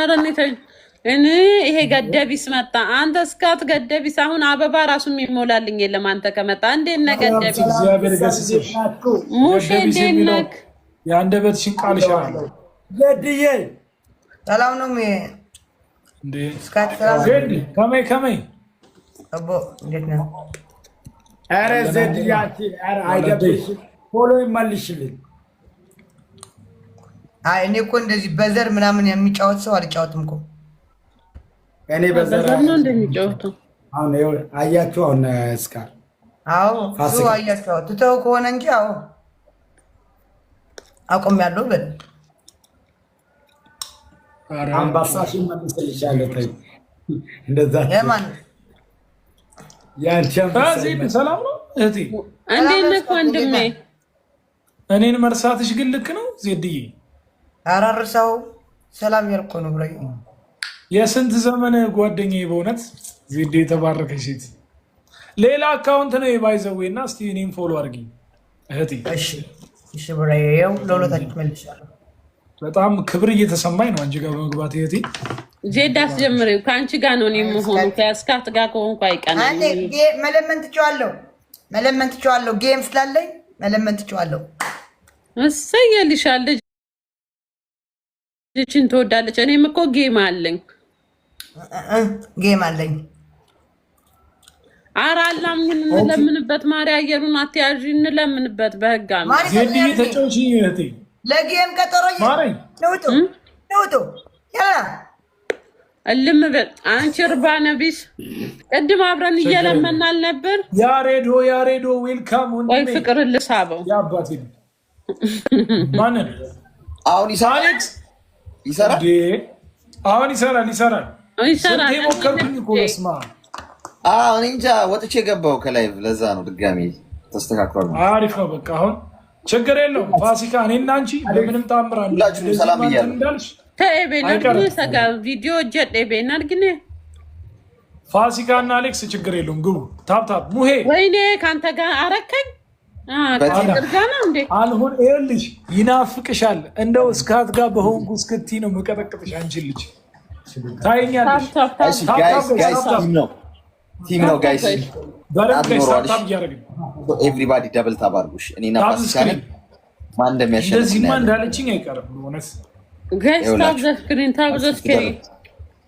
ኧረ እኔ ተይኝ። እኔ ይሄ ገደቢስ መጣ። አንተ እስካት ገደቢስ፣ አሁን አበባ ራሱ የሚሞላልኝ የለም። አንተ ከመጣ እንዴት ነህ ገደቢስ? ሙሼ እንዴት ነህ? የአንደበትሽን ቃል እሸራለሁ ገድዬ። ሰላም ነው ከመይ ከመይ ኧረ ዘድዬ ፎሎ ይመልሽልኝ አይ እኔ እኮ እንደዚህ በዘር ምናምን የሚጫወት ሰው አልጫወትም እኮ እኔ በዘር ነው እንደሚጫወተው። አሁን አያችሁ፣ አሁን እስካር አዎ እሱ አያችሁ፣ ትተው ከሆነ እንጂ አዎ አቆም ያለው በል አምባሳሽ መልስልሻለሁ። እንደዛ የማን ያንቺ አምባሳ ሰላም ነው እህቴ፣ እንዴት ነህ ወንድሜ? እኔን መርሳትሽ ግን ልክ ነው ዜድዬ አራርሰው ሰላም ያልኮ ነው ብለኝ የስንት ዘመን ጓደኛ በእውነት ዜዴ የተባረከች ሴት። ሌላ አካውንት ነው የባይዘዌ እና እስቲ እኔም ፎሎ አድርጊኝ እህቴ። እሺ ብራየው ለሁለታችን መልሻለሁ። በጣም ክብር እየተሰማኝ ነው አንቺ ጋር በመግባት እህቴ። ዜድ አስጀምሪው ከአንቺ ጋር ነው እኔ መሆኑ ከያስካት ጋር ከሆንኩ አይቀንም። መለመን ትችዋለሁ፣ መለመን ትችዋለሁ። ጌም ስላለኝ መለመን ትችዋለሁ። እሰየልሻል ልጅ ልጅን ትወዳለች። እኔም እኮ ጌም አለኝ ጌም አለኝ። ኧረ አላም እንለምንበት፣ ማሪ አየሩን አትያዥ፣ እንለምንበት በህግ ለጌም ቀጠሮ ውጡ። እልም በል አንቺ እርባ ነቢስ። ቅድም አብረን እየለመናል ነበር። ያሬዶ ያሬዶ፣ ዌልካም ወይ ፍቅር ልሳበው አሁን ይሰራል። አሁን ይሰራል ይሰራል ሞከርኩኝ እኮ በስመ አብ። እኔ እንጃ ወጥቼ ከላይ ለዛ ነው ተስተካክሏል። አሪፍ ነው በቃ አሁን ችግር የለውም። ፋሲካ እኔ አንቺ በምንም ሰላም ፋሲካ እና አሌክስ ችግር የለውም ግቡ። ታብታብ ሙሄ ወይኔ ከአንተ ጋር አረከኝ አልሆን ይኸውልሽ፣ ይናፍቅሻል። እንደው እስካት ጋር በሆንኩ እስክቲ ነው መቀጠቅጥሽ። አንቺን ልጅ ታይኛለሽ። ቲም ነው ጋይስ፣ ኤቭሪባዲ ደብል እኔ ነፋስ ማን እንደሚያሸንፍ እንደዚህማ እንዳለችኝ አይቀርም።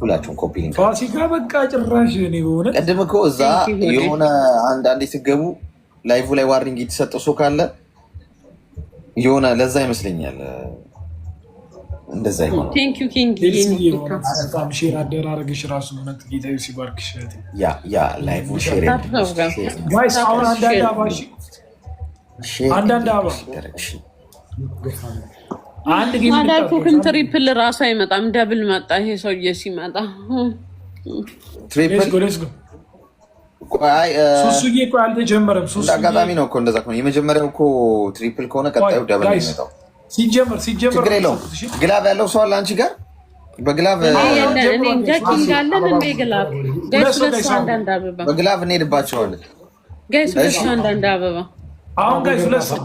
ሁላችሁም ኮፒ ሊንክ ፋሲካ በቃ ጭራሽ ሆነ። ቅድም እኮ እዛ የሆነ አንዳንዴ ስትገቡ ላይቭ ላይ ዋርኒንግ የተሰጠው ሰው ካለ የሆነ ለዛ ይመስለኛል እንደዛ አደራረግሽ ራሱ ጌታ ሲባርክሽ አንዳንድ አባ አንድ ትሪፕል ራሱ አይመጣም። ደብል መጣ ይሄ ሰውዬ ሲመጣ ሱሱዬ አጋጣሚ ነው እኮ እንደዛ ከሆነ የመጀመሪያው እኮ ትሪፕል ከሆነ ቀጣዩ ደብል የሚመጣው ሲጀመር ሲጀመር ችግር የለውም። ግላብ ያለው ሰው አለ አንቺ ጋር በግላብ በግላብ እንሄድባቸዋለን። ጋይስ አንዳንድ አበባ አሁን ጋይስ ሁለት ሰው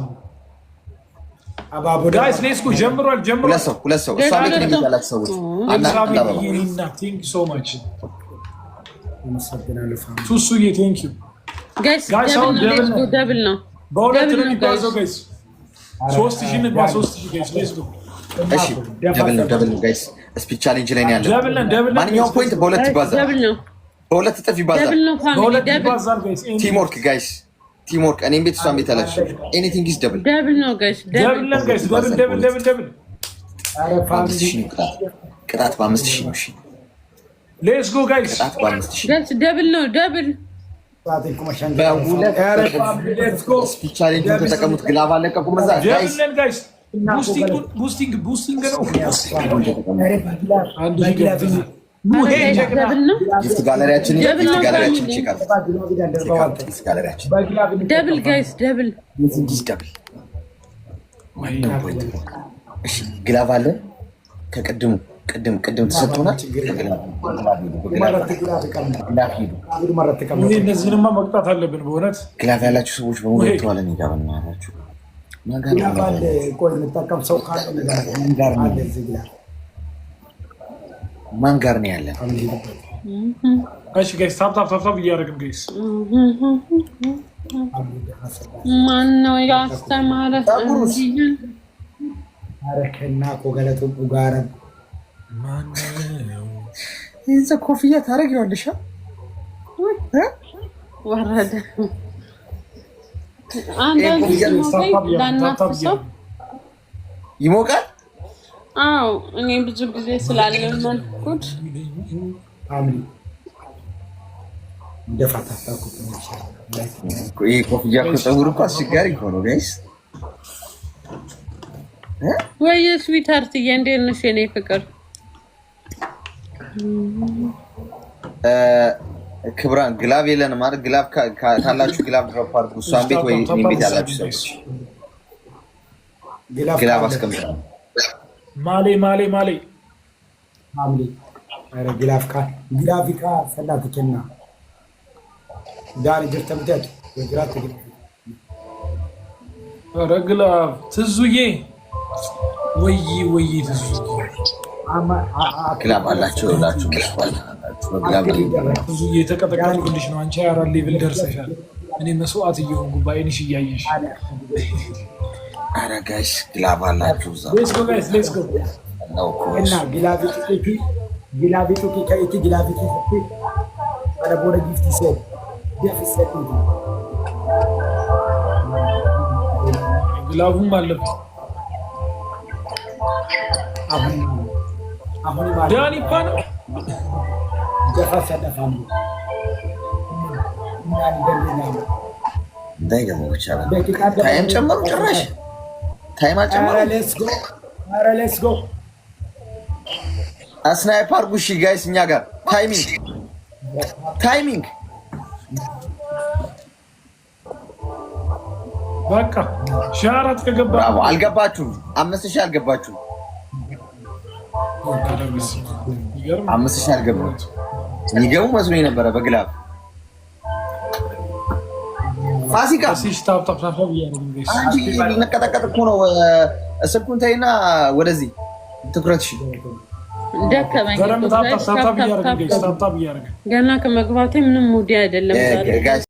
ጋይስ ሌስኩ ጀምሯል ጀምሯል። ሁለት ሰው ሁለት ሰው እሷ ቤት ነው ሰዎች ሱሱዬ ቴንክ ዩ ደብል ነው። በሁለት ነው የሚጓዘው ጋይስ ሶስት ጋይስ ቲም እኔም ቤት እሷም ቤት አላልሽም። ኤኒቲንግ ኢዝ ደብል ደብል ነው ጋሽ ደብል ነው ጋሽ ደብል ደብል ደብል ደብል ነው። ሌትስ ጎ ጋይስ ደብል ነው ደብል ተጠቀሙት። ግላብ አለቀቁም መዛ ጋይስ ቡስቲንግ ቡስቲንግ ነው ጊፍት ጋለሪያችን ደብል ጋይስ ደብል ግላቭ አለ ከቅድሙ ቅድም ቅድም ተሰጥቶናል። እነዚህንማ መቅጣት አለብን። በእውነት ያላችሁ ሰዎች በሙሉ ጋር ማን ጋር ነው ያለን? ማነው ያስተማረ? ታረክና ኮገለቱ ጋር ይህን ኮፍያ ታደርጊዋለሽ? ወረደ አንዳንድ ይሞቃል አዎ እኔ ብዙ ጊዜ ስላለመድኩት ይሄ ኮፍያ እኮ ፀጉር እኮ አስቸጋሪ እኮ ነው ጋይስ። እንዴት ነሽ የኔ ፍቅር? ክብራን ግላብ ግላብ ካላችሁ ግላብ ድሮፕ አድርጉ። እሷን ቤት ወይ ቤት ያላችሁ ሰዎች ግላብ ማሌ ማሌ ማሌ ማሌ አረ ግራፍካ ግራፊካ ሰላትከና ዳር ጅርተምተት የግራት አረ ግላፍ ትዙዬ ወይ ወይ ትዙዬ ግላፍ አላቸው ላችሁ መስፋል ትዙዬ ተቀጠቀጥኩልሽ ነው። አንቺ አራት ሌቭል ደርሰሻል። እኔ መስዋዕት እየሆንኩ ባይንሽ እያየሽ አረ ጋይስ ግላብ አላችሁ ዳኒ እኮ ነው ደፋ ጭራሽ ታይም አልጨመረም። ኧረ ሌትስ አድርጉ። እሺ ጋይስ፣ እኛ ጋር ታይሚንግ ታይሚንግ በቃ ሺህ አራት ከገባ አልገባችሁም። አምስት ሺህ አልገባችሁም። አምስት ሺህ አልገባችሁም። ይገቡ መስሎኝ ነበረ በግላብ ፋሲካ ነቀጠቀጥ እኮ ነው። ስልኩን ተይና ወደዚህ ትኩረት ደከመኝ። ገና ከመግባቴ ምንም ሙዲ አይደለም።